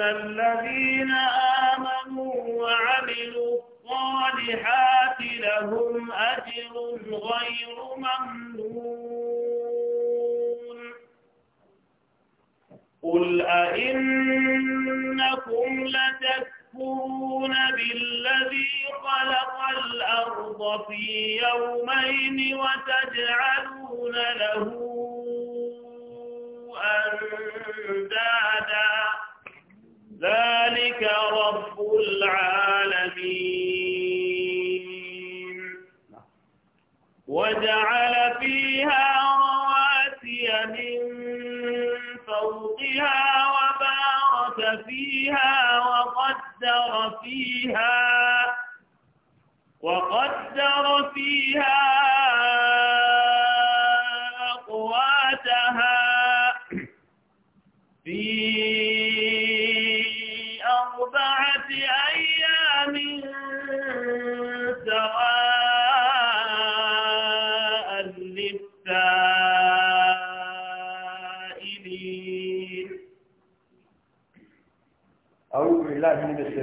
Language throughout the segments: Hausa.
الذين آمنوا وعملوا الصالحات لهم أجر غير ممنون قل أئنكم لتكفرون بالذي خلق الأرض في يومين وتجعلون له أندادا ذلك رب العالمين وجعل فيها رواسي من فوقها وبارك فيها وقدر فيها وقدر فيها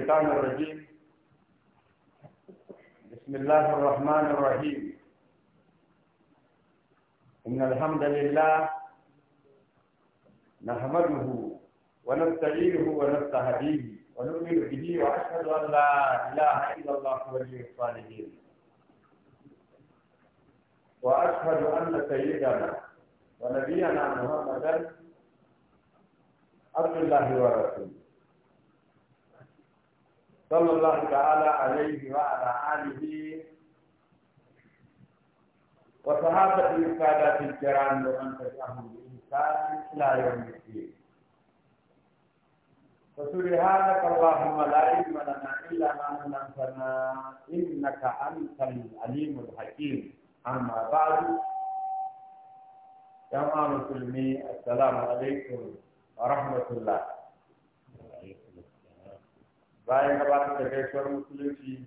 الشيطان الرجيم بسم الله الرحمن الرحيم إن الحمد لله نحمده ونستعينه ونستهديه ونؤمن به وأشهد أن لا إله إلا الله وجه الصالحين وأشهد أن سيدنا ونبينا محمدا عبد الله ورسوله صلى الله تعالى عليه وعلى آله وصحابته السادات الكرام ومن تبعهم الإنسان إلى يوم الدين فسبحانك اللهم لا علم لنا إلا ما علمتنا إنك أنت العليم الحكيم أما بعد يا مسلمي السلام عليكم ورحمة الله bayan gabatar da gaisuwar musulunci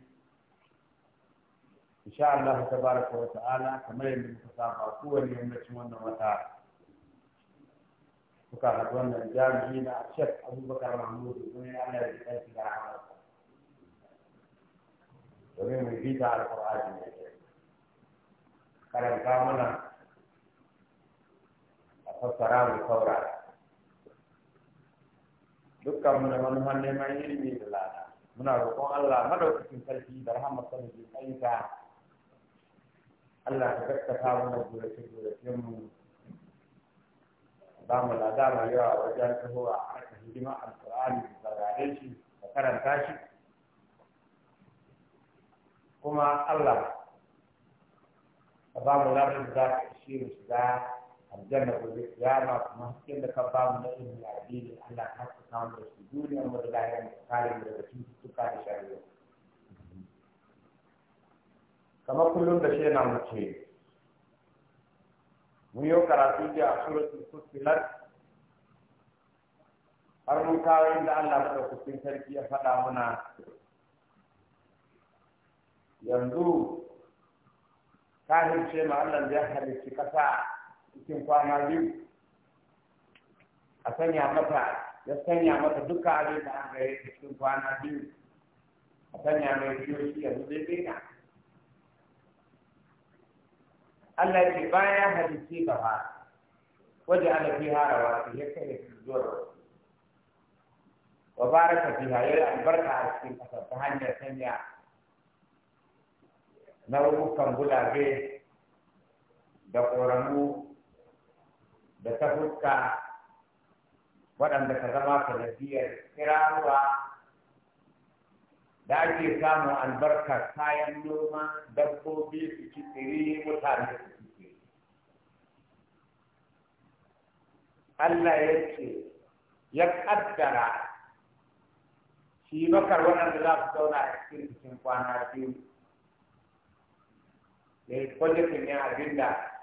insha Allah tabaraka wa ta'ala kamar yadda muka saba kowane yammacin wannan wata kuka haɗu wannan jami'i na Sheikh Abubakar Mahmudu don ya ana da kanki da hamarsa domin mu bi da alƙur'ani ne karanta mana a fassara mai saurara dukkan mu da manuhan neman ilimi da lada muna roƙon Allah madaukakin sarki da rahama sanin jin ayyuka Allah ka gaskata mu da gurace gurace mu ba mu lada mai yawa wajen tahowa a harkar hidima alƙur'ani da saurare shi da karanta shi kuma Allah ka ba mu lada da za ka ishe mu shiga الجنة والقيامة ممكن لكبار من إذن العديد أن حق كان رسولون ومد الله أن تقال من الرسول تقال شعره كما كلهم بشينا نعم مكين ويو كراتيجة سورة الفصلت har mun kawo inda Allah madaukakin sarki ya faɗa mana yanzu kahirce ma Allah ya halicci ƙasa cikin kwana biyu a sanya mata ya sanya mata duka abin da an gare cikin kwana biyu a sanya mai biyu shi yanzu zai daina Allah ya ce bayan hadisi ba fa waje ala fi harawa su ya kai zuwa wa baraka fiha yayi albarka a cikin kasar ta hanyar sanya nau'ukan gulabe da ƙoramu da ta fuska waɗanda ka zama sanadiyar kirawa da ake samun albarkar kayan noma dabbobi su ci tsiri mutane su ci tsiri Allah ya ce ya kaddara shi bakar waɗanda za su zauna a cikin cikin kwana biyu da ya kwallakin ne abin da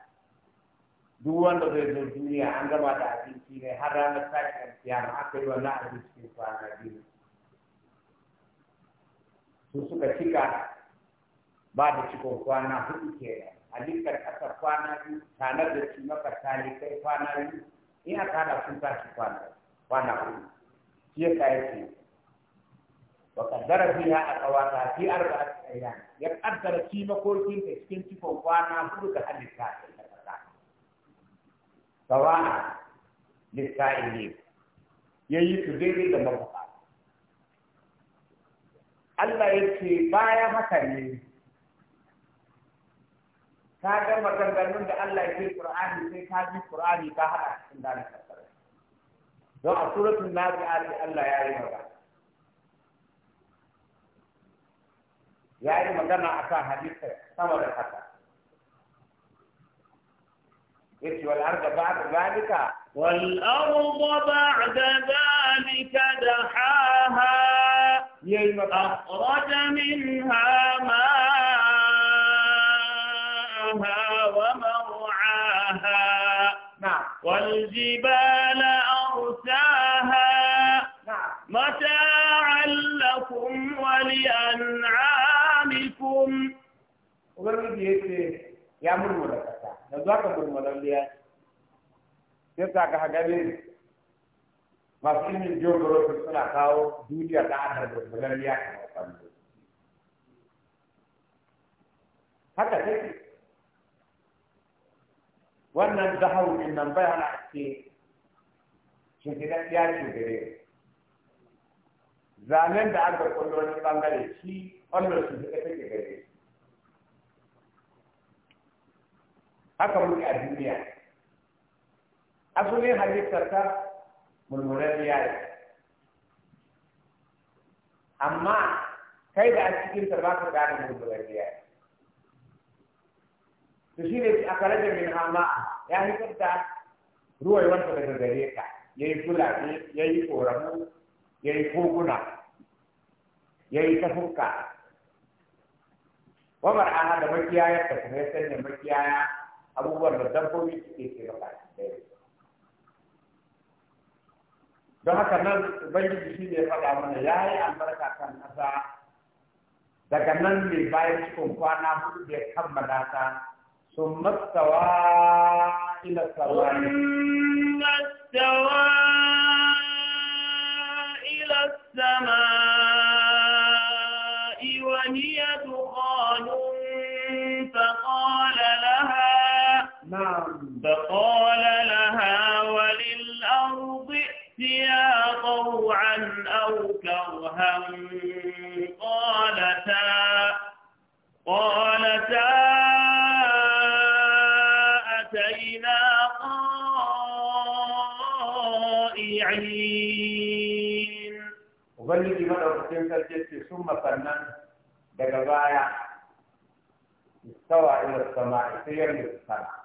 duk wanda bai zo duniya an gaba da abinci ne har ranar sake kiyama aka yi wannan abinci kwana biyu su suka cika ba da cikon kwana hudu kenan halittar ƙasa kwana biyu tanar da shi maka kai kwana biyu in aka hada sun tashi kwana kwana hudu shi ya sa yake wa kaddara fiha a tsawata fi arba'ati ayyan ya kaddara shi makokin ta cikin cikon kwana hudu da halitta sawa'a lissa'ili ya yi su daidai da mabuka Allah ya ce baya haka ne ka ga maganganun da Allah ya ce Qur'ani sai ka ji Qur'ani ka haɗa cikin da na don a suratul nazi'ati Allah ya yi magana ya yi magana akan hadisar sama da haka إيش والأرض بعد ذلك والأرض بعد ذلك دحاها أخرج منها ماءها ومرعاها نعم والجبال أرساها نعم متاعا لكم ولأنعامكم ومن يا مرمرة yanzu aka gurmadan biya sai sa ka hagari masu ilimin geography suna kawo duniya ta ana gurmadan biya a kwallo haka take wannan zahau nan bai hana ce shimfiɗan ce gare zanen da aka kwallo wani bangare shi wannan shimfiɗa take gare shi haka muke a duniya asalin halittarta ta mulmulariya amma kai da a cikin ta ba ka gane mulmulariya ne to shi ne a kare da min hama ya haifar da ruwai wanda daga gare ka ya yi fulani ya yi koramu ya yi koguna ya yi tafuka wamar da makiyayar kuma ya sanya makiyaya abubuwan da dabbobi suke ke gaba ɗaya don haka nan ubangiji shi ne faɗa mana ya yi albarka kan ƙasa daga nan mai bayan cikin kwana hudu da kammala ta sun mastawa ila sarwani mastawa ila sama نعم فقال لها وللأرض ائتيا طوعا أو كرها قالتا قالتا أتينا طائعين وبلغ مدرسين تلك ثم فنان دقبايا استوى إلى السماء سير السماء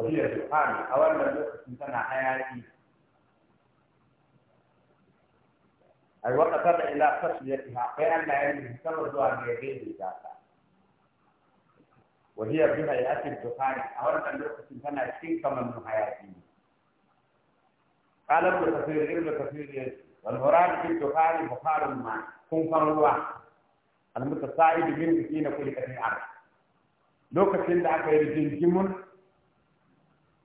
وهي دخان a wannan lokacin tana hayaki ai wata kada ila fasiyatiha kai Allah ya yi sabar zuwa ga yadda da ta وهي بما يأتي الدخان أولا أن يقسم سنة شين كما من حياتي قال ابن كثير ابن كثير والمراد بالدخان بخار الماء كن فنوا المتصاعد من مسكين كل كثير عرب لو كثير دعك يرجين جمون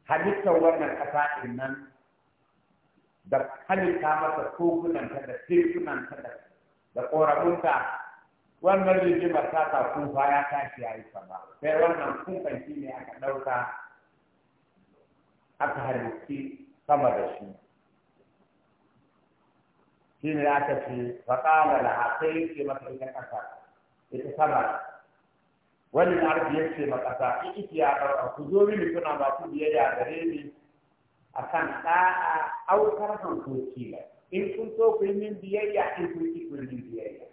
halittar wannan ƙasa ɗin nan da halitta masa kogunanta da tekunanta da da ƙoramunta wannan rigimar ta ta kufa ya tashi ya yi sama sai wannan kufan shi ne aka ɗauka aka halitti sama da shi shi ne aka ce faƙalar haƙai ke masa ita ƙasa ita sama wani arzi ya ce ma ƙasa in iki ya ɗauka ku zo mini kuna masu biyayya gare ni a kan ɗa'a aukar hankoki ba in kun so ku yi min biyayya in kun ki ku yi biyayya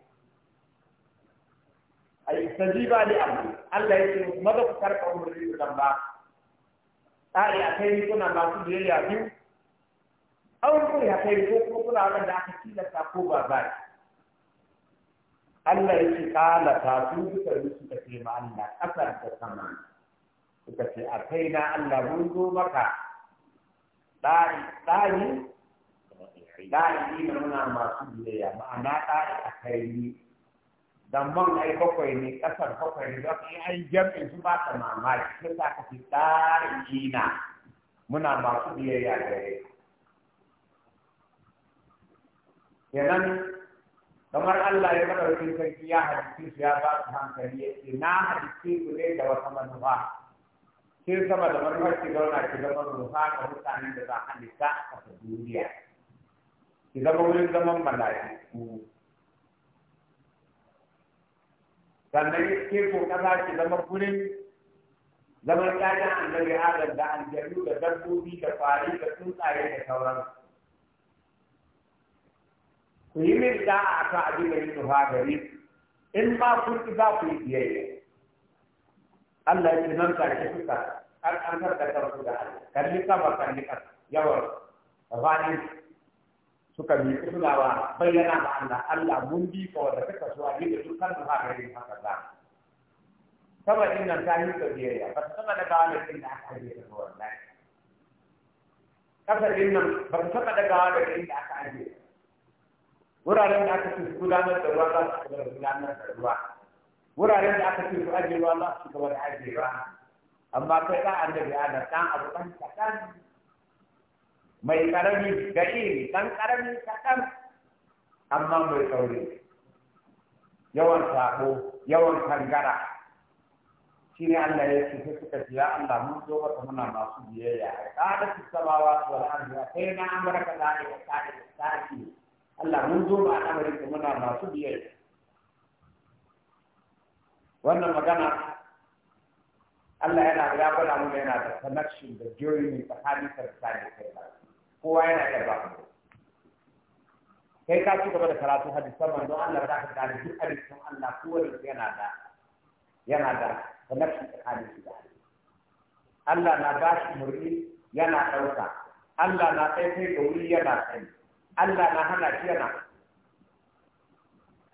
ai sajiba li amri Allah ya ce maza ku karɓa umarni ku dan ba ɗa'i a kai ni kuna masu biyayya biyu aure ku ya kai ko kuma kuna wanda aka tilasta ko ba ba Allah ya ce kala ta su suka yi suka ce ma Allah ƙasar da sama suka ce a kai na Allah mun zo maka ɗari ɗari ɗari ne muna masu biyayya ma'ana ɗari a kai ni dan man ai bakwai ne ƙasar bakwai ne za ka yi ai jam'in su ba ta mamaki sai sa ka ce ɗari na muna masu biyayya gare ka kenan kamar Allah ya madaukin sarki ya halitta su ya ba su hankali ya ce na halitta ku ne da wata manufa sai sama da manufar ki zauna ki zama ruha ga mutanen da za a halitta a kasa duniya ki zama wurin zaman mala'iku sannan ke ko kaza ki zama gurin zaman ƴaƴan annabi adam da aljanu da dabbobi da fari da tsuntsaye da sauransu kuyi min da'a akan abin da yin nufa gari in ma kun ki za ku yi biyayya Allah ya ce nan ka ce suka an an har da karfu da Allah kalli kama kalli kama yawan rani suka bi suna ba bayyana ma Allah Allah mun bi ka wanda kaka so abin da dukkan nufa gari haka za saboda nan ta yi ka biyayya ba ta sama da gawa da aka yi da wannan kasar nan ba ta sama da gawa da inda aka ajiye wuraren da aka ce su gudanar da ruwa za su da gudanar da ruwa wuraren da aka ce su ajiye ruwa za su gaba da ajiye ruwa amma kai ɗan annabi adam ɗan abu ɗan kaɗan mai ƙarami da iri ɗan ƙarami kaɗan amma mai sauri yawan sako, yawan kangara shi ne Allah ya ce suka ce ya Allah mun zo maka muna masu biyayya a ƙada su samawa su wal'adu a kai na amurka da ake da ƙa'idu Allah mun zo ba al'amarin muna masu biyayya wannan magana Allah yana ya faɗa mana yana da connection da journey tsakanin karsa da kai kowa yana da ba kai ka ci gaba da karatu hadisan manzon Allah za ka gane duk hadisan Allah kowanne yana da yana da connection tsakanin shi da Allah na ba shi murni yana dauka Allah na kai kai da wuri yana kai Allah na hana shi yana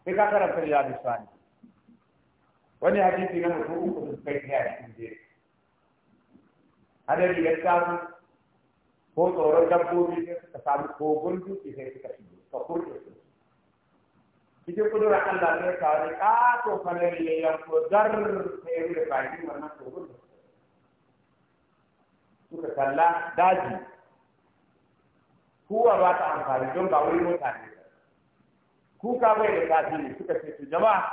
sai ka karanta bi sani wani hadisi na mutum uku da suka yi a cikin jeri hadari ya samu ko tsoron dabbobi ne suka samu kogon dutse sai suka shigo ka kurɗe su cikin kudurar Allah ne ka wani ƙato fanar ya yanko zar ta yi da bakin wannan kogon suka kalla daji kowa ba ta amfani don ba wani mutane kuka bai da tasiri suka ce su jama'a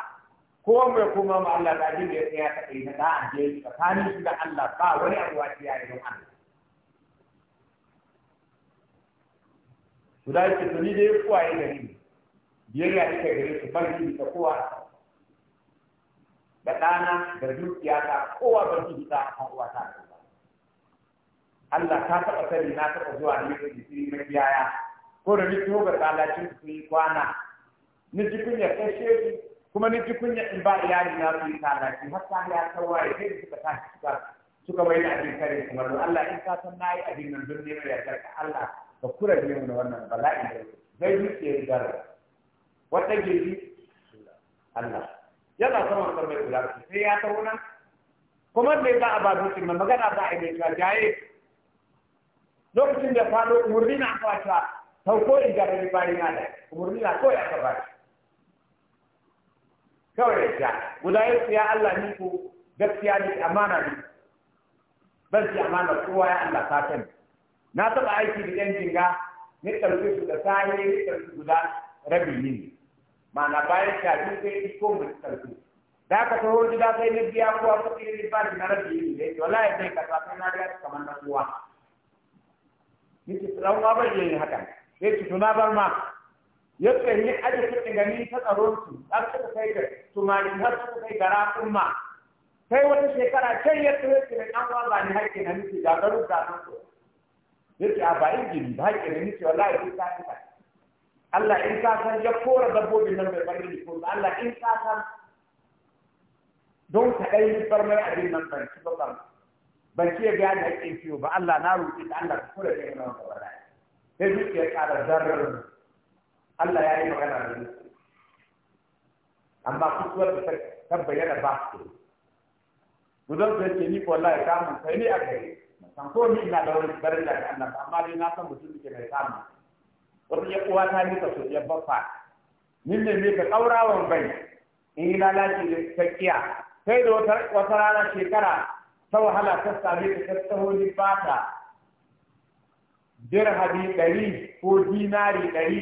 kowa mai koma ma Allah da abin da ya tsaya ta kai na da je tsakanin shi da Allah ba wani abu a ciya da Allah su da yake to ni dai ya gari ne biyayya ita gare su ban shi da kowa da ɗana da dukiya ta kowa ban shi a ta uwa ta Allah ka taɓa sani na taɓa zuwa ne da jikin makiyaya ko da ni tuba da lalacin su yi kwana ni ji kunya kai shefi kuma ni ji kunya in ba iyali na su yi talaci har ta ya tawaye sai da suka tashi suka suka bai da abin kare kuma Allah in ka san nayi abin nan don neman ya karka Allah ka kura ne mu wannan bala'i da zai yi ke gara wata gidi Allah yana sama da kula sai ya tauna kuma me ba a ba dutse magana ba a yi mai jaye lokacin da faɗo, umarni na kwata sauko in ga ni bari na da umarni na kawai aka ba kawai da ta guda ya tsaya Allah ni ku gaskiya ni amana ne ban ci amana kowa ya Allah fatan na taba aiki da yan jinga ni ɗauke su da sahi ni ɗauke guda rabi ne ma'ana bayan shafi sai iko mu ɗauke da aka taho gida sai ni biya kowa kuɗi ni ba na rabi ne wallahi sai ka sa sai na biya kamar na kowa yake dan uwa bai yin haka yake to na bar ma yadda ni aje kuɗin gani ta tsaron su har suka kai ga tumari har suka kai gara umma sai wata shekara can ya tsoro ki ne an ba ni haƙƙi na miki da garu da nan ko yace a ba injini ba haƙƙi na miki wallahi sai ka fita Allah in ka san ya kora dabbobi nan bai bar ni ko Allah in ka san don ka dai bar mai abin nan ban ci ba ban ce ga da ake ciwo ba Allah na roƙi da Allah ku da kai na wannan da sai duk ya ƙara zarar Allah ya yi magana da ni amma kusuwar da ta bayyana ba su zan zai ce ni ko Allah ya samu sai ni a gari. san ko ni ina da wani barin da Allah amma dai na san mutum ke mai samu wata ya kowa ta ni ka so ya baffa min ne ne ka ƙaurawan bai in yi lalace da kakkiya sai da wata rana shekara ta wahala ta same ka ta taho ni fata ɗari ko dinari ɗari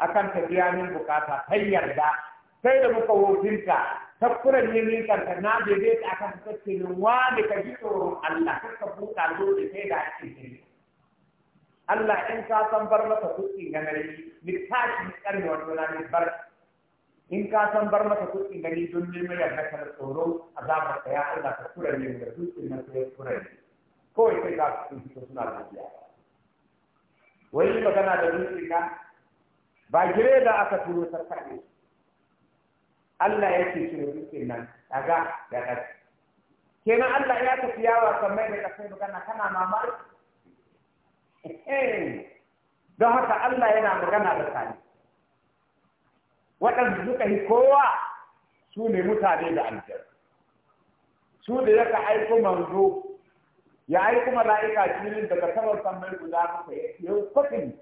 akan ta biya min bukata kai yarda sai da muka wofinta ta kura yin kanta na bebe ta akan ta ce wani ka ji tsoron Allah kar ka buɗa lobe sai da ake ce Allah in ka san bar masa kuɗi ganar ni tashi ni karni wani wani bar in ka san bar maka dutsen gani don neman yarda ka da tsoro azabar ka ya Allah ka kura ne da dutsen nan sai kura ne kawai sai ka sun fito suna tafiya wani magana da dutsen nan ba gire da aka turo sarkaɗe Allah ya ce shi dutsen nan daga da ƙarfi kenan Allah ya tafi yawa kamar da kasai magana kana mamaki don haka Allah yana magana da sani waɗanda suka yi kowa su ne mutane da aljanna su da yaka aiko manzo ya aiko mala'ika cikin daga saman sammai guda muka yau kofin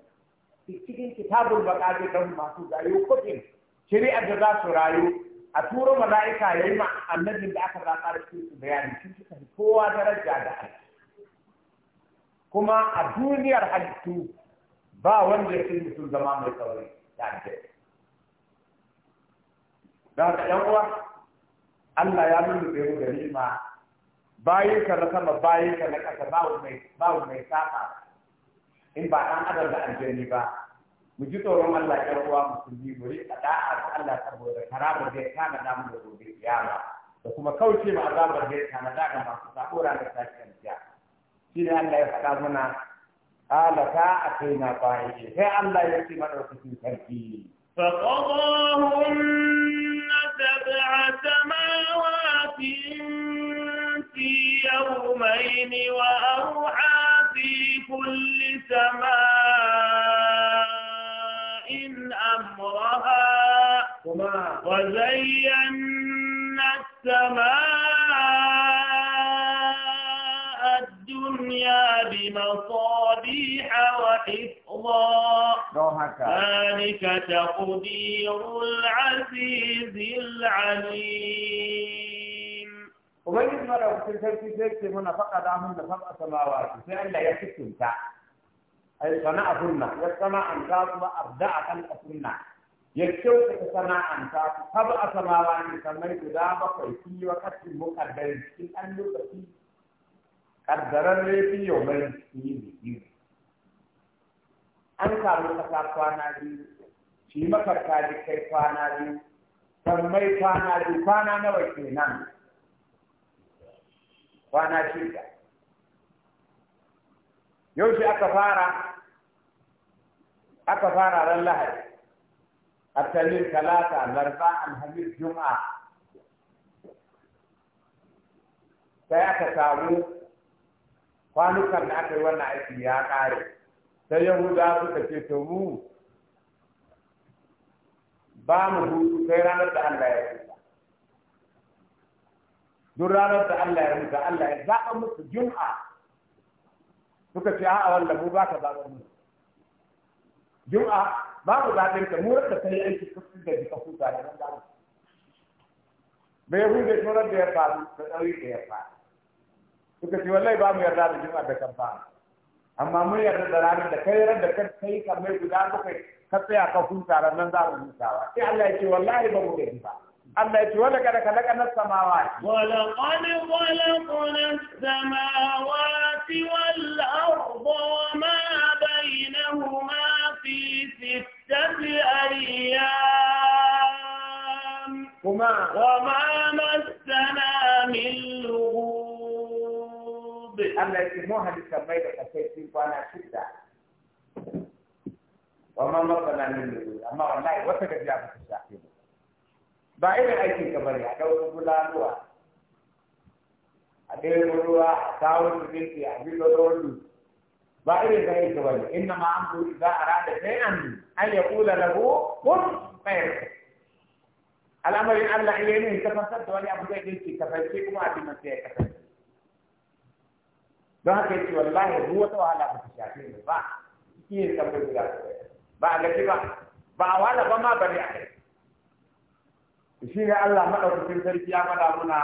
cikin kitabul baƙaɗe don masu zayo kofin shari'ar da za su rayu a turo mala'ika ya yi annabin da aka zaɓa da su bayani sun suka yi kowa daraja da aiki kuma a duniyar halittu ba wanda ya fi mutum zama mai saurin da aljanna Daga haka yan Allah ya lulluɓe mu da ma bayin ka na sama bayin ka na ƙasa babu mai mai in ba ɗan adam da aljani ba mu ji tsoron Allah ya uwa musulmi mu yi da'a ga Allah saboda karamar da ya kana damu da gobe kiyama da kuma kauce ma azabar da ya kana da masu da ranar shi jiya shi ne Allah ya faɗa muna qala ka na ba'i sai Allah ya ce madaukakin sarki fa سبع سماوات في يومين وأوحى في كل سماء أمرها وزينا السماء الدنيا بمصابيح وحفظا ذلك تقدير العزيز العليم وبين مرة وكثير في ذلك من فقد عمل فقط سماوات فإن لا يكتم تا أي صنع فرنا يسمع أن تاب وأبدع خلق فرنا يكتب تسمع أن تاب فبع سماوات يسمي كذاب وكيفي وكتب مقدر في أن يكتب قدرني في يومين في يومين an samu kasa kwana biyu shi makarta da kai kwana biyu mai kwana biyu kwana nawa ke nan? kwana shida yau shi aka fara aka fara ran lahadi التنين ثلاثة Alhamis, Juma. Sai aka samu kwanukan da aka yi wannan aiki ya ƙare sai yahuda suka ce to mu ba mu hutu sai ranar da Allah ya huta duk ranar da Allah ya huta Allah ya zaɓa musu jum'a suka ce a'a wanda mu ba ka zaɓa mu jum'a ba mu zaɓen ka mu rasa sai aiki kusa da jika huta da nan zaɓa bai hude tunar da ya faru da ɗauri da ya faru suka ce wallahi ba mu yarda da jum'a da kan faru amma mun yarda da ranar da kai ran da ka kai kamar guda bakwai ka tsaya ka huta ranar za mu hutawa sai Allah ya ce wallahi ba mu gaji ba Allah ya ce wala kada ka laka nas samawati wala qad khalaqna samawati wal arda wa ma bainahuma fi sittati ayyam kuma wa ma massana min Allah yake mun halitta mai ta shafe mu ba irin a dauro bulaluwa a inna ma an buri za a rada lahu kun wani abu zai dinki kasance don haka yace wallahi duk wata wahala ba ta shafe ni ba shi ne sabbin guda ba a gaji ba ba a wahala ba ma bari a kai shi ne Allah madaukakin sarki ya mada muna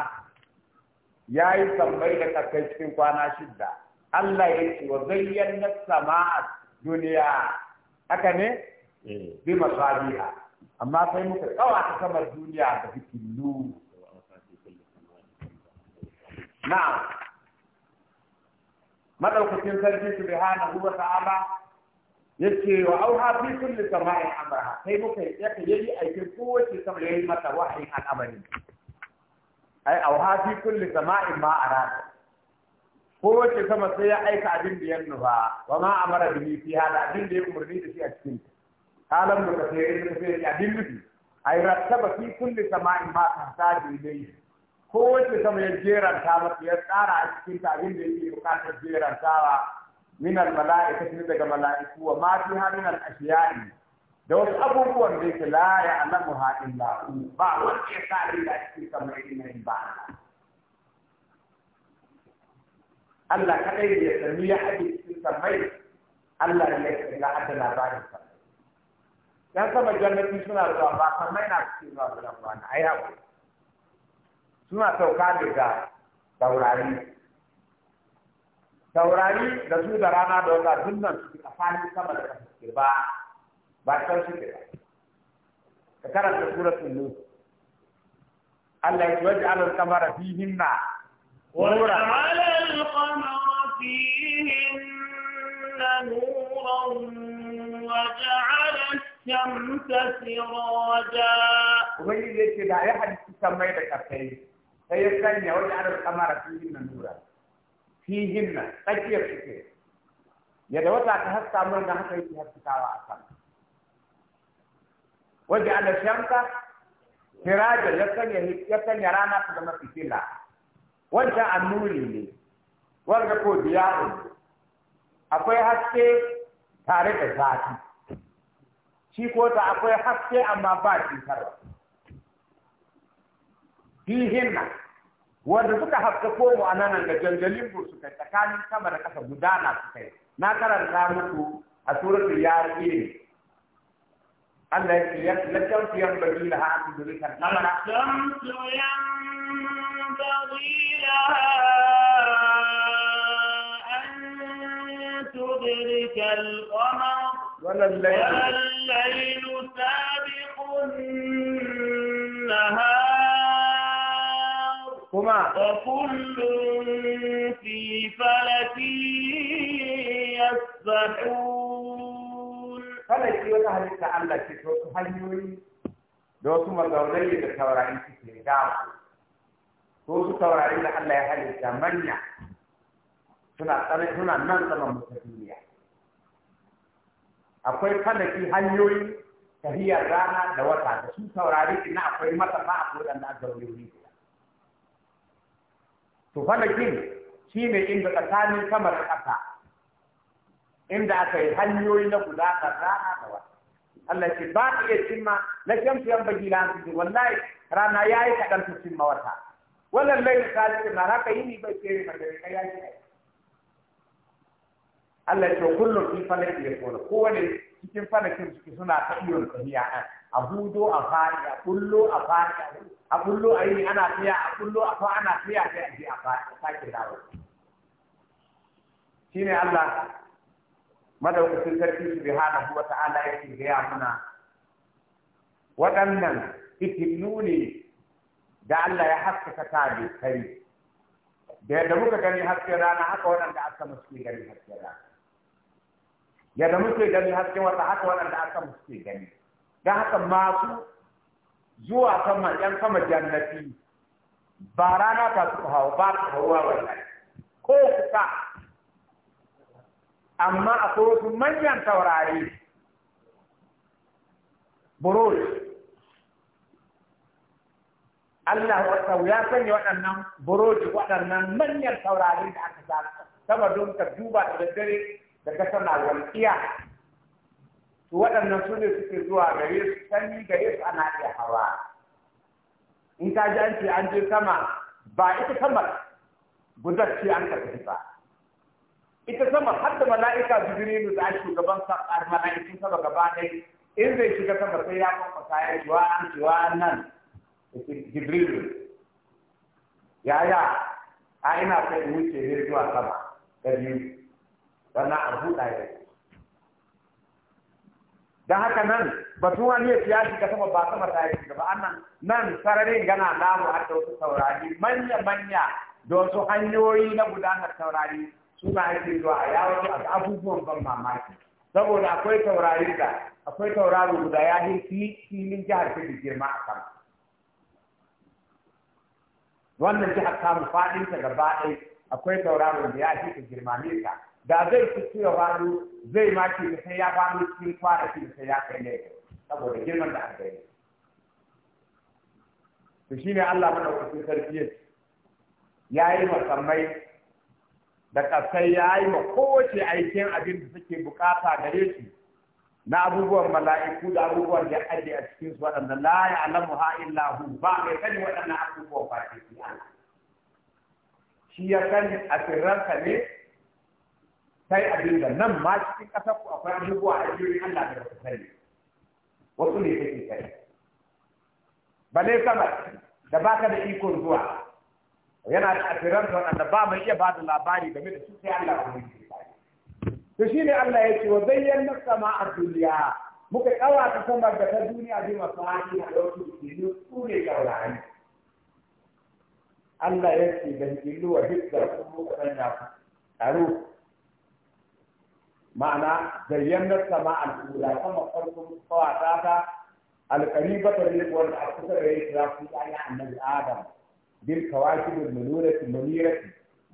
ya yi tambayi da kakai cikin kwana shidda Allah ya ce wa sama a duniya haka ne eh. bi masabiha amma sai muka tsawa ta samar duniya da fitillu na'am madaukakin sarki subhanahu wa ta'ala yace wa auha fi kulli sama'in Amurha sai muka yake yayi aikin kowace sama yayi mata wahayin al'amari ai auha fi kulli sama'in ma arada kowace sama sai ya aika abin da ya nufa wa ma amara bihi fi hada abin da ya umarni da shi a cikin halan mu da sai ya yi abin nufi ai rattaba fi kulli sama'in ma tahtaji dai. Ko kowace sama ya jeranta mata ya tsara a cikin ta abin da yake bukatar jerantawa min al-mala'ikati daga mala'iku wa ma fi ha min al-ashiya'i da wasu abubuwan da yake la ya alamu ha illa ba wanda ya sa abin da cikin sama ya ina ba Allah kadai da ya sami ya haɗe cikin samai Allah ne ya ga hada labarin sa. Dan sama jannati suna zuwa ba kamar na cikin zuwa da wani ai haƙuri. suna sauka daga taurari taurari da su da rana da wata dunnan su a fahimci sama da kasa suke ba ba can suke ba ka karanta suratul nu Allah ya waje alal kamara fihinna nura alal kamara fihinna nuran wa ja'ala shamsa siraja ubangiji yake da ya hadisi kan mai da kafai sai ya sanya wani adar kamara fihin nan nura fihin nan tsakiyar suke yadda wata ta haska murna haka yake haskawa a sama wajen adar shanka sirajan ya sanya rana ta zama fitila wancan annuri ne wanda ko diya'un akwai haske tare da zafi shi ko ta akwai haske amma ba cutarwa fihinna wanda suka haska ko mu anan da jangalin bur suka tsakanin sama da kasa gudana suka yi na karanta muku a suratul yasin Allah ya ce la tamtu yan bagi la ha tu duri kan namara tamtu yan bagi la an tudrika al-qamar ولا الليل ولا الليل سابق النهار هما وكل في فلك يسبحون فلك يوتا هل تعالى كتوت هل دوسو مدوري بتورعين كتير دوسو تورعين الله يحل الثمانية هنا هنا ننظم مستقبلية akwai falaki hanyoyi tahiyar rana da wata da su taurari ina أقول matafa a أقول أن aka wuri to falakin shi ne inda tsakanin kamar da ƙasa inda aka yi hanyoyi na guda rana da wa Allah ce ba ka iya cimma na shamsu yan bagi na hansu wallahi rana ya yi kaɗan ta cimma wata wannan laifin salihin na haka yi ni bai tsere na dare ya yi ai Allah ce kullum fi falakin ya kowane cikin falakin suke suna ta iyon tafiya ɗan a hudo a fari a kullo a fari a kullo a yi ana fiya a kullo a fa ana fiya sai a je a fari a sake dawo ne Allah madaukakin sarki subhanahu wa ta'ala yake gaya muna waɗannan fitillu ne da Allah ya haskaka ta kai da yadda muka gani hasken rana haka waɗanda aka muske gani hasken rana yadda muke gani hasken wata haka waɗanda aka muske gani Da haka masu zuwa sama ‘yan sama jannati ba rana ta su hawa ba su hawa wallahi ko kusa amma a wasu manyan taurari burul Allah wata ya sanya waɗannan buroji waɗannan manyan taurari da aka sa saboda don duba da daddare da kasar na walƙiya to waɗannan su ne suke zuwa gare su sani gare su ana iya hawa in ka ji an ce an je sama ba ita sama gudar ce an karɓi ba ita sama har da mala'ika jibrilu da shugaban mala'iku sama gaba dai. in zai shiga sama sai ya kwakwasa ya ji wa'an ji nan jibrilu yaya a ina kai wuce ne zuwa sama da biyu wannan a buɗa ya da haka nan batun wani ya shiga sama ba sama ta shiga ba annan nan sararin gana namu har da wasu saurari manya-manya da wasu hanyoyi na gudanar saurari suna yake zuwa a yawon abubuwan ban mamaki saboda akwai taurari da akwai guda ya yi filin jihar fi girma a kan wannan jihar samu faɗinta gaba ɗaya akwai tauraro da ya fi girma ka da zai fi ya faru zai ma ce sai ya ba faru cikin kwanaki sai ya kai ne saboda girman da aka yi to shine Allah mana wakilin sarki ya yi masammai da kasai ya yi ma kowace aikin abin da suke bukata da su na abubuwan mala'iku da abubuwan da ajiye a cikin su waɗanda la ya alamu ha illa hu ba mai sani waɗannan abubuwan ba ke Allah shi ya sani a sirranka ne sai abin da nan ma cikin ƙasar ku akwai abubuwa a jirgin Allah da ba sani wasu ne take sani bale sama da baka da ikon zuwa yana da asirar da wanda ba mai iya ba da labari game da su sai Allah ku yi to shi ne Allah ya ce wa zayyana sama a duniya muka kawa ta samar da ta duniya bi masu hali a lokacin da yi su ne gaurari Allah ya ce dan illu wa hidda kuma kana tsaro ma'ana zayyanar sama al'ula sama farkon kawata ta alƙaribata ne wanda a kusa da ya kira su ya annabi adam bil kawakibul munurati munirati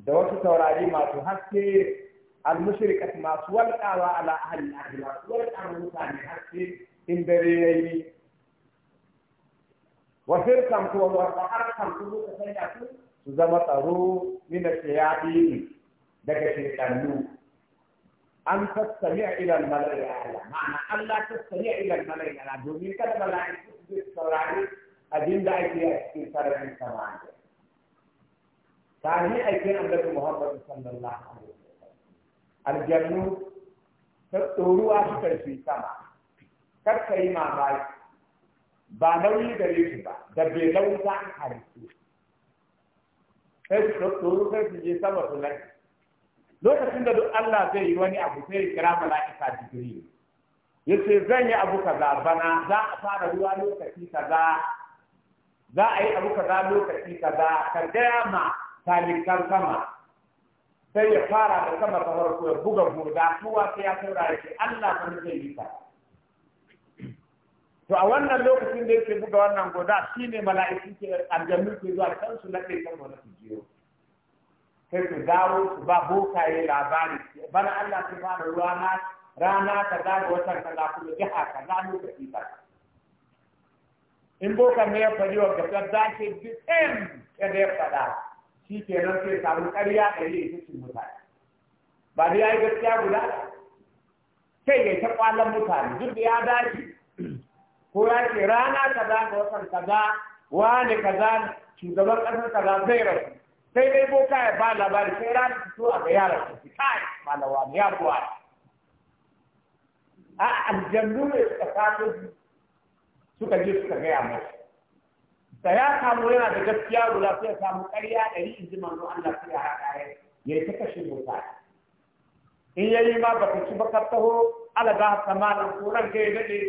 da wasu taurari masu haske almushrikati masu walƙawa ala ahli masu walƙawa mutane haske in dare yayi wa firkan ko wa harkan ko ka sanya su su zama tsaro min da daga shaytanu an tattami ila al-mala'i ala ma'ana Allah tattami ila al-mala'i ala domin kada mala'iku su saurari abin da ake a cikin sararin samaniya tare aikin annabi Muhammadu sallallahu alaihi wasallam aljannu ta tsoruwa su karfi sama kar ka yi mamaki ba nauyi da su ba da bai lauta an halittu sai su tsoru kai su je sama su lantarki lokacin da duk Allah zai yi wani abu sai kira mala'ika jibril yace zan yi abu kaza bana za a fara ruwa lokaci kaza za a yi abu kaza lokaci kaza ka gaya ma talikan sama sai ya fara da sama ta farko ya buga burda kowa sai ya saurara shi Allah kuma zai yi ka? to a wannan lokacin da yake buga wannan goda shine mala'iku ke aljannu ke zuwa kansu na kai kan wannan jiyo sai su dawo su ba bokaye labari bana Allah su fara da rana rana ta za da watan kaza kuma jiha na lokaci ba in bokan ne ya fari wa gasar dace duk ya da ya faɗa shi ke nan sai samu ƙarya da yi ita mutane ba da ya yi gaskiya guda sai ya ta kwalan mutane duk da ya dace ko ya ce rana kaza da watan kaza wani kaza shugaban ƙasar kaza zai rasu sai dai boka ya ba labari sai rana ta a ga yara su fi kai malawa ne ya buwa a aljannu ne suka kato suka je suka gaya masa da ya samu yana da gaskiya guda sai ya samu ƙarya ɗari in ji manzo Allah sai ya haɗa ya ya ta kashe boka in ya ma ba ka ci ba ka taho ala ba ko ranka ya daɗe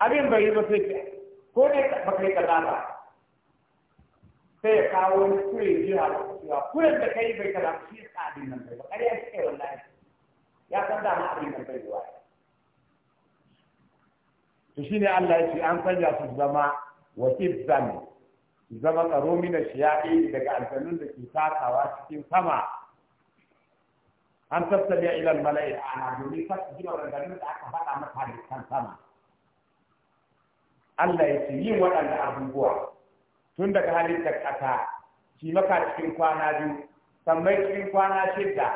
abin bai yi ba sai ko ne ba kai kaza ba sai ya kawo wani kure jiya da kusurwa kuren da kai bai kalamu shi ya abin nan bai ba ƙarya shi kai wallahi ya san ma abin nan bai zuwa to shi ne Allah ya ce an sanya su zama wakibzan su zama tsaro mina shiyaɗi daga aljanun da ke takawa cikin sama an tattabiya ilal mala'i a ana domin kasu jima rangarin da aka faɗa maka da kan sama Allah ya ce yin waɗanda abubuwa tun daga halittar ƙasa shi maka cikin kwana biyu sannan cikin kwana shidda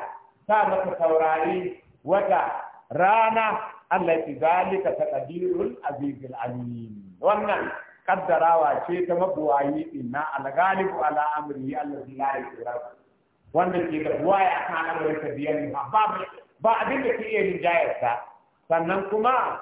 sa maka taurari wata rana Allah ya zalika taqdirul azizul alim wannan kaddarawa ce ta mabuwayi inna al-ghalibu ala amrihi allazi yi yusra wanda ke da buwaya kan al'amarin tabiyyar ba ba abin da ke iya rinjayarsa sannan kuma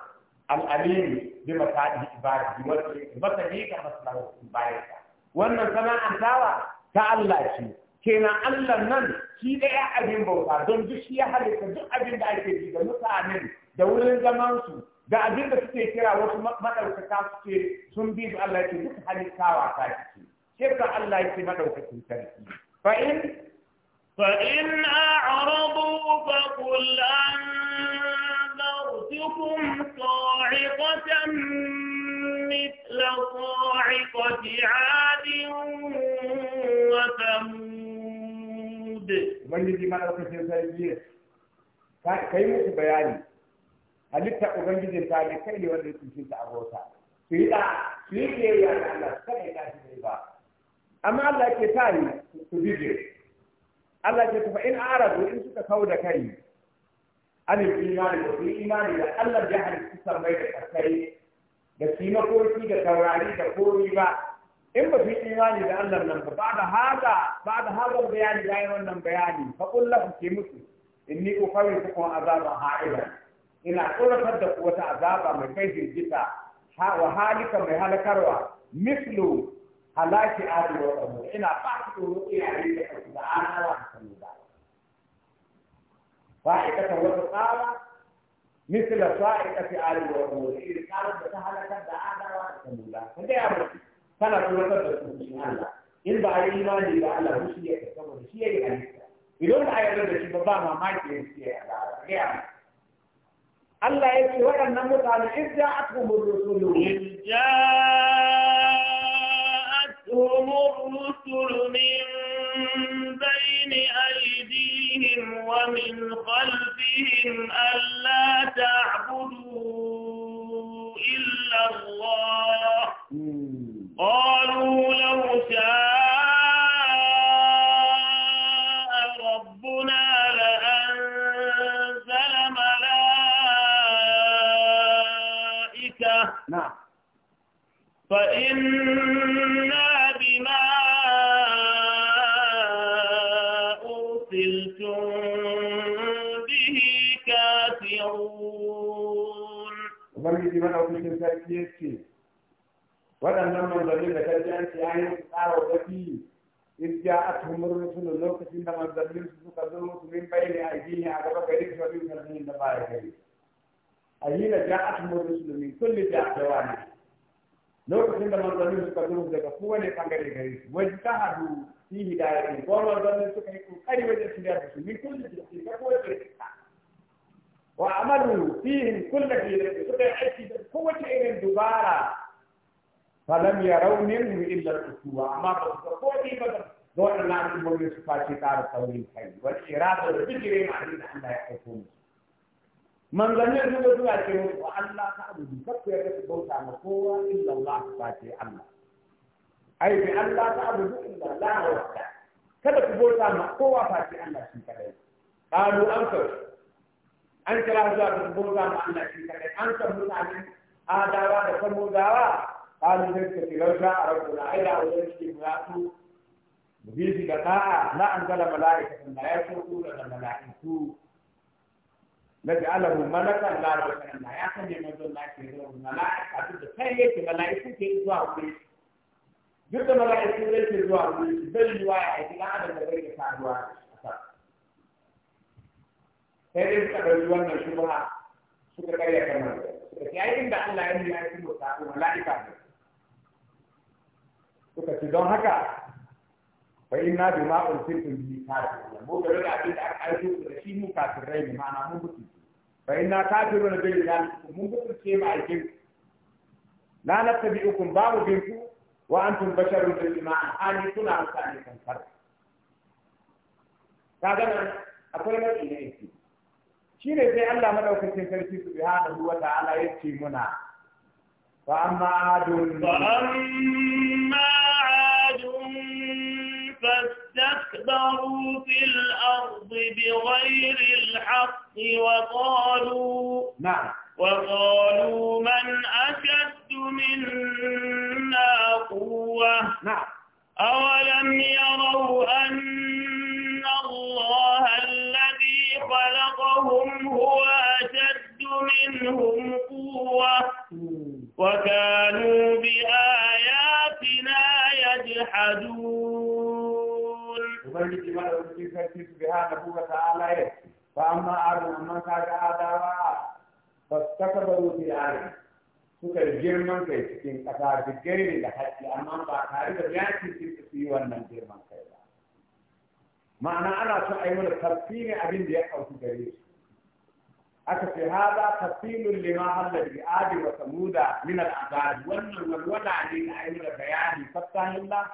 al'alimi bi masadi ibadi wanda masani ka maslahar bayansa wannan sana'ar tawa ta Allah ce kenan Allah nan shi ɗaya abin bauta don duk shi ya halitta duk abin da ake ji da mutane, da wurin zaman su da abin da suke kira wasu maɗaukaka suke sun bi Allah ce duk halittawa ta ce shirka Allah yake maɗaukakin sarki fa'in فإن أعرضوا فقل أنذرتكم صاعقة مثل صاعقة عاد وثمود ubangiji maɗaukacin sarki ka yi musu bayani halitta ubangijin ta ne kai ne wanda yake ta abota su yi da su yi ke ya da Allah kada ya tashi ne ba amma Allah ke tari su bije Allah ke tafa in arabu in suka kawo da kai an yi imani da su imani da Allah ya halitta mai da kai da shi da taurari da komi ba in ba fi imani da Allah nan ba ba da ba da bayani bayan yi wannan bayani fa kullahu ke musu inni ukhawifukum azaba ha'iban ina tsoratar da ku wata azaba mai kai jirgita wa halika mai halakarwa mislu halaki adi wa qamu ina ba ku tsoro da ku da ba ita ta wata مثل صاعقة آل وثمود إذ قالت تهلكت بآدم وثمود فدي فلا سنة وثمود سبحان الله إن بعد إيماني بألا بشي يتكون بشي يتكون إذن بعد ذلك بابا ما ما يتكون الله يكفي وأن نموت على إذ جاءتهم الرسل إذ جاءتهم الرسل أيديهم ومن خلفهم ألا تعبدوا إلا الله قالوا لو شاء ربنا لأنزل ملائكة نعم فإنا ubangiji sarki ya ce waɗannan manzannin da kaji an ce an yi su tsara wafi in ja a tumur rusulun lokacin da manzannin su suka zo min bayani a gini a gaba gari su wani manzannin da baya gari a yi da ja a tumur min kulle ja a ne lokacin da manzannin suka zo daga kowane gari su wajen ta hadu fi ne ko manzannin suka yi kokari wajen shirya su min kulle ja a وعملوا فيهم كل حيلة سكا يحكي قوة إلى دبارة فلم يروا منهم إلا الأسوة أما قوة إلى دون أن نعمل مولي سفاتي كار التورين خير والإرادة والفكر علينا أن لا يحكم من لم يكن يدعو أكيد وأن لا تعبد فكر يكتبوك عن قوة إلا الله سفاتي الله أي بأن لا تعبد إلا الله وحده كذا تبوك عن قوة فاتي الله سبحانه قالوا أنفسهم an kira zuwa da mota ma Allah shi kare an san mutane adawa da san mudawa alimin ka ki rauta a rabbuna ai da wajen ki mutu bi bi da na an malaika da na yaso ku da na ji Allah mu malaka Allah da kana ya san me manzon na ke da malaika kai yake malaiku ke zuwa ku zuwa ku dan yi wa ai da da ga ka zuwa sai dai suka ɗauki wannan shubha suka karya kamar da suka yi ai inda Allah ya nuna ya kuma sa'u mala'ika ne suka ci don haka fa inna bima ursiltum bihi kafirun mu ga da abin da aka aiko da shi mu kafirai ne ma'ana mun mutu fa inna kafirun bil iman mun mutu ce ma aikin la nattabi'ukum babu binku wa antum basharun bil iman ani suna amsani kan kar kaga nan akwai matsi ne yake shi ne sai Allah madaukakin sarki subhanahu wa ta'ala ya ce muna fa amma adun fa amma adun fastakbaru fil ardi bighairi alhaq wa qalu na'am وقالوا من أشد منا قوة أولم يروا أن خلقهم هو أشد منهم قوة وكانوا بآياتنا يجحدون فأما أرنا من كان آدارا فاستكبروا في آية سكر جيرمان كيس cikin ƙasa da جيرمان da haƙƙi amma ba كيس da yankin su جيرمان كيس girman ma'ana ana so a yi mana tafsirin abin da ya kawo gare su aka ce hada tafsirin lima halla bi adi wa samuda min al azab wannan walwala ne da yi mana bayani fattahilla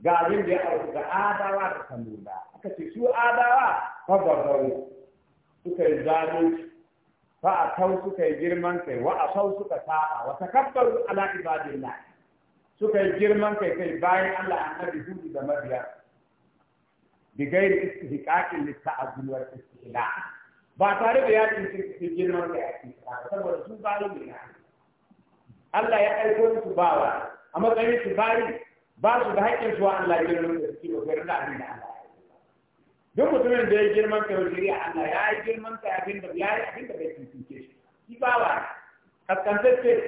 ga abin da ya kawo ga adawa da samuda aka ce su adawa fa gabaru suka yi zalunci fa a kau suka yi girman kai wa a sau suka saba wa takabbaru ala ibadillah suka yi girman kai kai bayan Allah annabi hudu da mabiya bi gairi istihqaqin litta'azzul wal istihla ba tare da ya cikin girman da yake saboda su zalimi ne Allah ya aiko su bawa a matsayin su bari ba su da haƙƙin su Allah ya girman da suke dogara da abin da Allah ya yi. duk mutumin da ya girman ka wuri Allah ya yi girman ka abin da ya yi abin da bai tuntuke shi shi bawa kaskantacce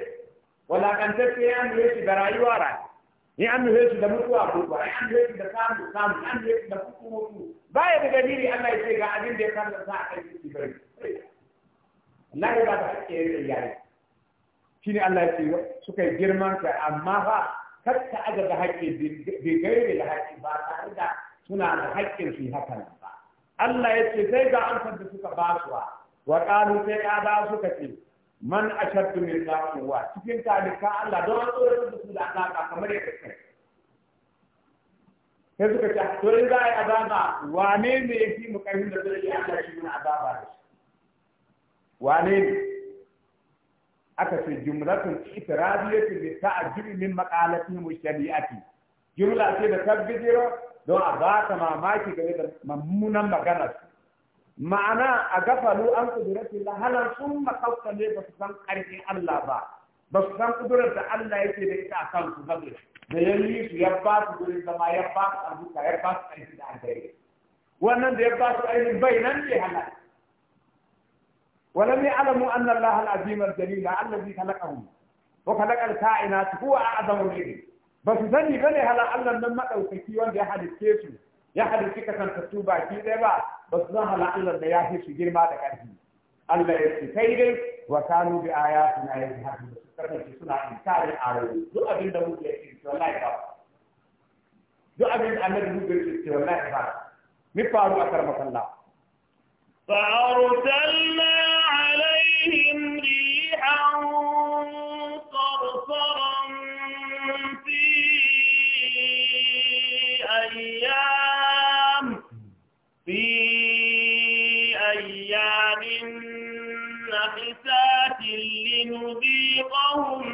wala kantacce ya mu shi da rayuwa rayuwa لأنه يجب أن يكون أبوه لأنه يجب أن يكون أبوه لأنه يجب أن يكون أبوه باية بجديري أن يتجع أن يكون أبوه لأنه يجب أن يكون أبوه لا يبقى أن يكون شيني الله يسيو سكاي جيرمان كا اما با كات كا اجا دا هاكي بي غيري دا هاكي با تاريدا سنا دا هاكي في هاكي با الله يسيو سيجا انفد سكا باسوا وقالوا سيجا دا سكا تيو man ashaddu min quwwa cikin ka Allah don an tsoro da su da azaba kamar yadda kai sai suka ce to in za a yi azaba wane ne ya fi mu karfin da zai yi Allah shi mun azaba da shi wane ne aka ce jumlatun itiradiyatu bi ta'jibi min maqalatihim shari'ati jumla ce da tabbijiro don a ba ta mamaki ga da mammunan maganar ma'ana a gafalu an kudurati la halar sun makauka ne ba su san ƙarfin Allah ba ba su san kudurar da Allah yake da ita a kan su zabe da ya yi su ya ba su gurin zama ya ba su abuka ya ba su ƙarfi da alheri wannan da ya ba su ainihin bai nan ne halal ولم يعلموا أن الله العظيم الجليل الذي خلقهم وخلق الكائنات هو أعظم منهم بس ba ne هلا الله nan أوكي wanda ya حد su. ya hadisi ka san tattu baki ɗaya ba ba su zan halalar da ya fi su girma da ƙarfi Allah ya ce sai dai wa kanu bi ayatina yajhadun su kasance suna inkarin ayoyi duk abin da muke yi wallahi ba duk abin da annabi muke yi wallahi ba mi faru a karmakan Allah fa arsalna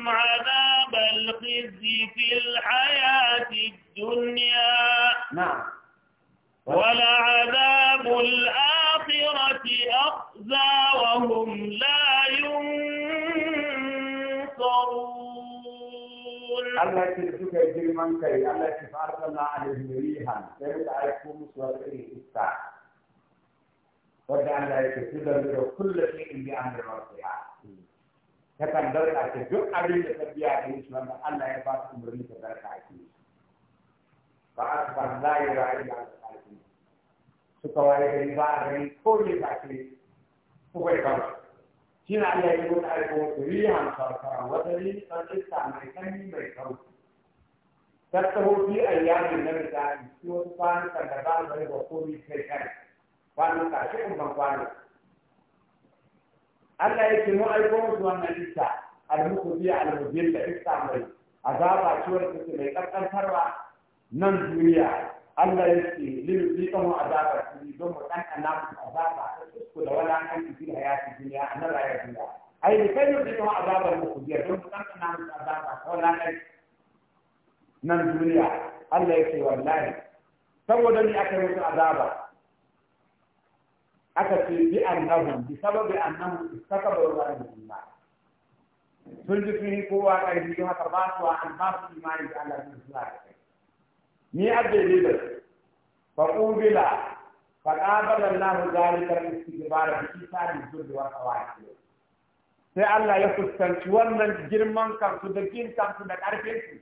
لهم عذاب الخزي في الحياة الدنيا نعم ولعذاب الآخرة أخزى وهم لا ينصرون الله يتركك جرمان كي الله يتفارق الله عليهم ريحا سيبت عليكم سوالئي إستاء ودعنا يتفضل كل شيء بأمر ربها ta kan dauka ta duk abin da ta biya da shi wanda Allah ya ba su umarni ta barka a ke. ba a ba za yi rayu da alƙalƙi suka waye gari ba a gani ko ne ba ke kuka da kama shi na Allah ya yi wata aiko kuri hamsar fara wata ne ɗan iska mai sanyi mai kauki tattaho fi ayyamin na misali shi wasu kwanukan da ba mu da ba komi kai kai kwanuka shi kuma kwanuka Allah yake mu aiko musu wannan iska al-mukhzi al da isa mai azaba ciwar take mai kankantarwa nan duniya Allah yake lil ziqahu azaba su don mu kankana musu azaba ta isku da wala an fi hayati duniya a nan rayuwar duniya ai da kai yau ziqahu azaba ku mukhzi don mu kankana musu azaba ta wala nan duniya Allah yake wallahi saboda ni aka yi musu azaba aka ce bi annahum bi sababi annahum istakabaru wa annahum sun ji sun yi kowa ƙarfi don haka ba su an ba su imani da Allah sun suna da kai ni abdai da fa qubila fa qabala Allah zalika al-istighfar bi isari da wa kawai sai Allah ya fuskanci wannan girman kansu da kin kansu da karfe su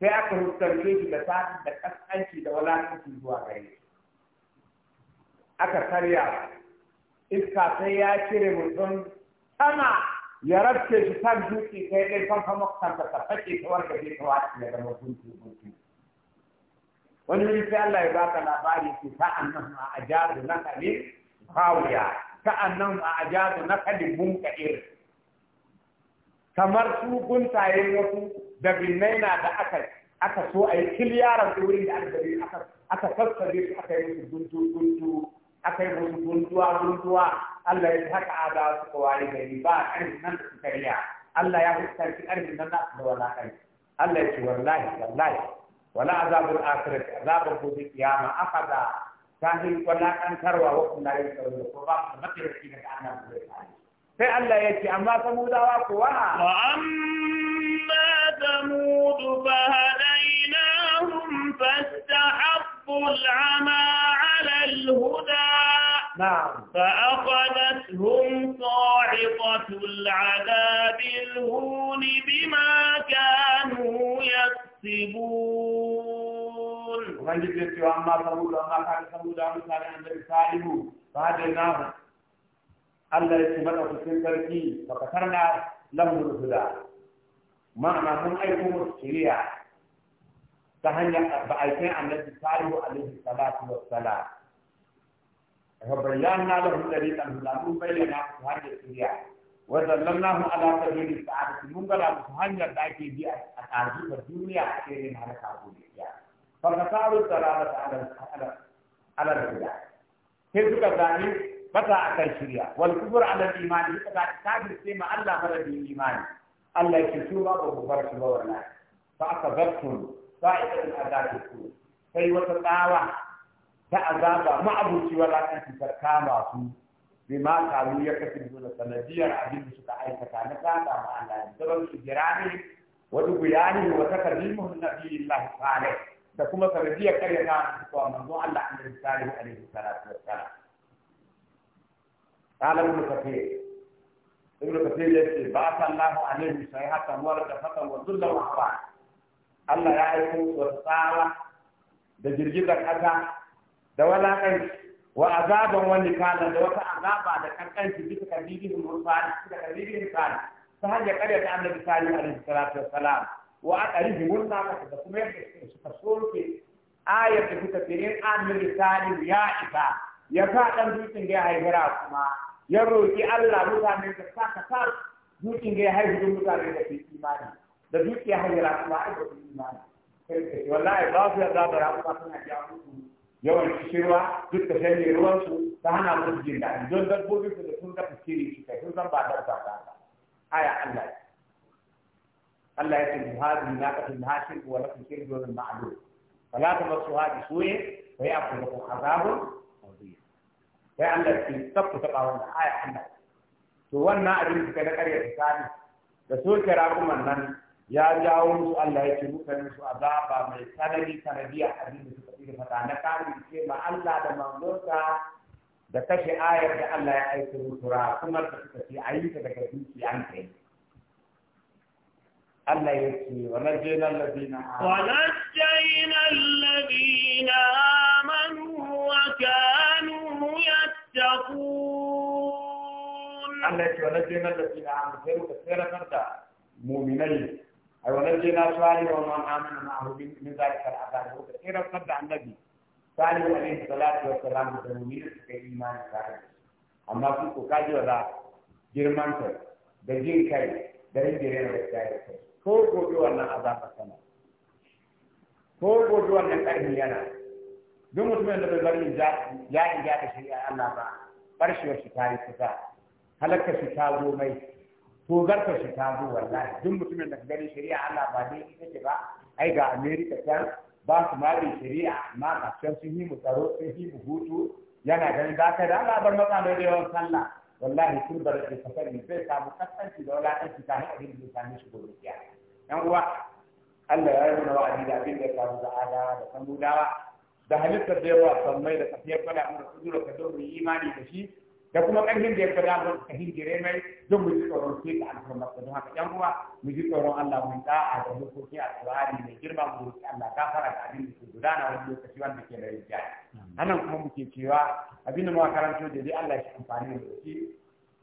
sai aka fuskance shi da sa'a da kaskanci da walakanci zuwa gare aka karya iska sai ya cire mutum sama ya rabce shi kan dutse kai dai kan makanta da fake ta warka je ta wace ya zama gunki gunki wani wuri sai Allah ya baka labari ki sa'an nan a ajabu na kali kawiya sa'an nan a ajabu na kali bunkair kamar su guntayen wasu da binnai na da aka aka so a yi kiliyaran wurin da aka aka sassabe su aka yi musu guntu guntu Akai yi musu gunduwa Allah ya ji haka ada suka ware gari ba ƙarfin nan da suka riya Allah ya fuskanci ƙarfin nan nasu da wala kai Allah ya ce wallahi wallahi wala azabul akhirati azabul gobe kiyama akada ta hin wala kan tarwa wa kun da yin tsaro ko ba ku matsarki daga annabi sai Allah ya ce amma samudawa kuwa wa amma samud fa hadainahum fastahabbu al-ama ala al-huda نعم فأخذتهم صاعقة العذاب الهون بما كانوا يكسبون ومن جبت وأما ثمود وأما كان ثمود وأما كان النبي صالح النار الله يسمعنا في السنتركي فكثرنا لهم الهدى معنى هم أمور الشريعة تهنئ بأيتين النبي صالح عليه الصلاة والسلام فبينا لهم طريقا لهم بينا وهذه الدنيا وظللناهم على سبيل السعادة من قال سبحان الله كي بي أتعرض الدنيا كيرين على كابول فقطعوا الضلالة على على على الهدى كيف كذاني متى أكل شريعة والكفر على الإيمان كذا كافر سيما الله مرد الإيمان الله يكتوبا وبرك الله فأخذتهم فائدة الأذى الكفر كي وتطاوى ta azaba ma'abuci walakanci ta kama su bi ma kalu ya kasu da sanadiyar abin da suka aikata na sata ma Allah da sabon su jirani wa dubuyani wa takadimu nabiyillahi salih da kuma sanadiyar karya ta su manzo Allah annabi salih alaihi salatu wassalam قال ابن كثير ابن كثير يقول بعث الله عليه صيحة ورجفة وذل وحوان الله يعرف وتساوى da girgizar kasa da walakanci wa azaban wani kala da wata azaba da kankanci bisa kadibihin mursali bisa kadibihin sali ta hanyar ƙarya da annabi sali alaihi salatu wassalam wa aqarihim murnaka da kuma yadda suka soke ayar da suka tirin annabi sali ya isa ya sa dan dutsen da ya haifara kuma ya roƙi Allah mutane da saka sa dutsen da ya haifi don da ke imani da dutsen ya haifara kuma a yi ba imani wallahi ba su yarda da rabu ba suna jawo musu yawan kishirwa duk da shanye ruwansu ta hana musu jin daɗi don dabbobi su da sun dafa shiri shi kai sun san ba dabba ta ba aya Allah Allah ya ce hadin na kafin hashin wa lakum shirkun ma'lum fala tamassuha bi su'in fa ya'khudhukum azabun adhim sai Allah ya tabbu ta bawon aya Allah to wannan abin da kada ta tsani da so kira kuma nan يا جاوز سؤال الله يجيبو كنو سو عذابا من سنبي سنبي حديث سبقين فتانا كاري كيما الله دا مغلوكا دا كشي آية دا الله يأيكو سراء كما تكتكي عيك دا كتوكي عنكي الله يجيبو ونجينا الذين آمنوا ونجينا الذين آمنوا وكانوا يتقون الله يجيبو ونجينا الذين آمنوا وكانوا يتقون ay wala ci na swali wa man amana ma hu bi min zaati al adar wa kathira qad an nabi sali wa salatu wa salam da mu'min ke iman ka amma ku ko ka ji wala girman ta da jin kai da jire da kai ko ko ji wannan azab sana ko ko ji wannan kai yana mutumin da bai bar min za ya yi ya ta Allah ba barshi wa shi ta yi ta shi ta zo mai gogarta shi ta zo wallahi duk mutumin da gari shari'a Allah ba dai ita ce ba ai ga America can ba su ma shari'a amma ga can sun yi mu tsaro sun yi mu hutu yana ganin da aka da Allah bar maka mai da yawan sallah wallahi sun bar da kasar ne sai samu kasance da wulakanci ta ne abin da sami shi gobe ya yan uwa Allah ya rubuta wa'adi da abin da ya samu da adawa da samudawa da halittar da yawa sammai da tafiyar kwada da kudura ka domin imani da shi da kuma ƙarfin da ya fada don ka hingire mai don mu ji tsoron ta ka alfarma don haka yan uwa mu ji tsoron Allah mun a da dokoki a tsari mai girma mu roki Allah fara da abin da ke gudana wani lokaci wanda ke da rijiyar anan kuma muke cewa abin da muka karanto da dai Allah shi amfani da shi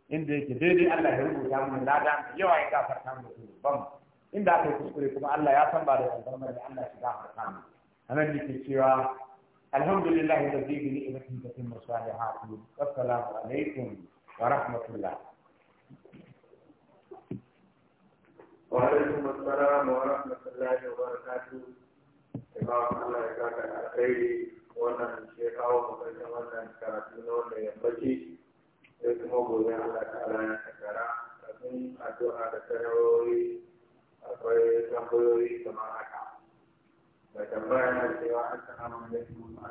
inda yake daidai Allah ya rubuta mu lada yawa ya gafarta mu da ban inda aka kuskure kuma Allah ya san ba da alfarma da Allah ya gafarta mu anan muke cewa الحمد لله الذي بنعمته تتم الصالحات والسلام عليكم ورحمه الله وعليكم السلام ورحمة الله وبركاته. إمام الله كان أخي وأنا الشيخ أو مقدمة كاتب نور ينبغي اسمه بوزان الله تعالى نتكرا لكن أتوها تتروي أخوي سمبوي سماعك عم. da tambaya na cewa an samu da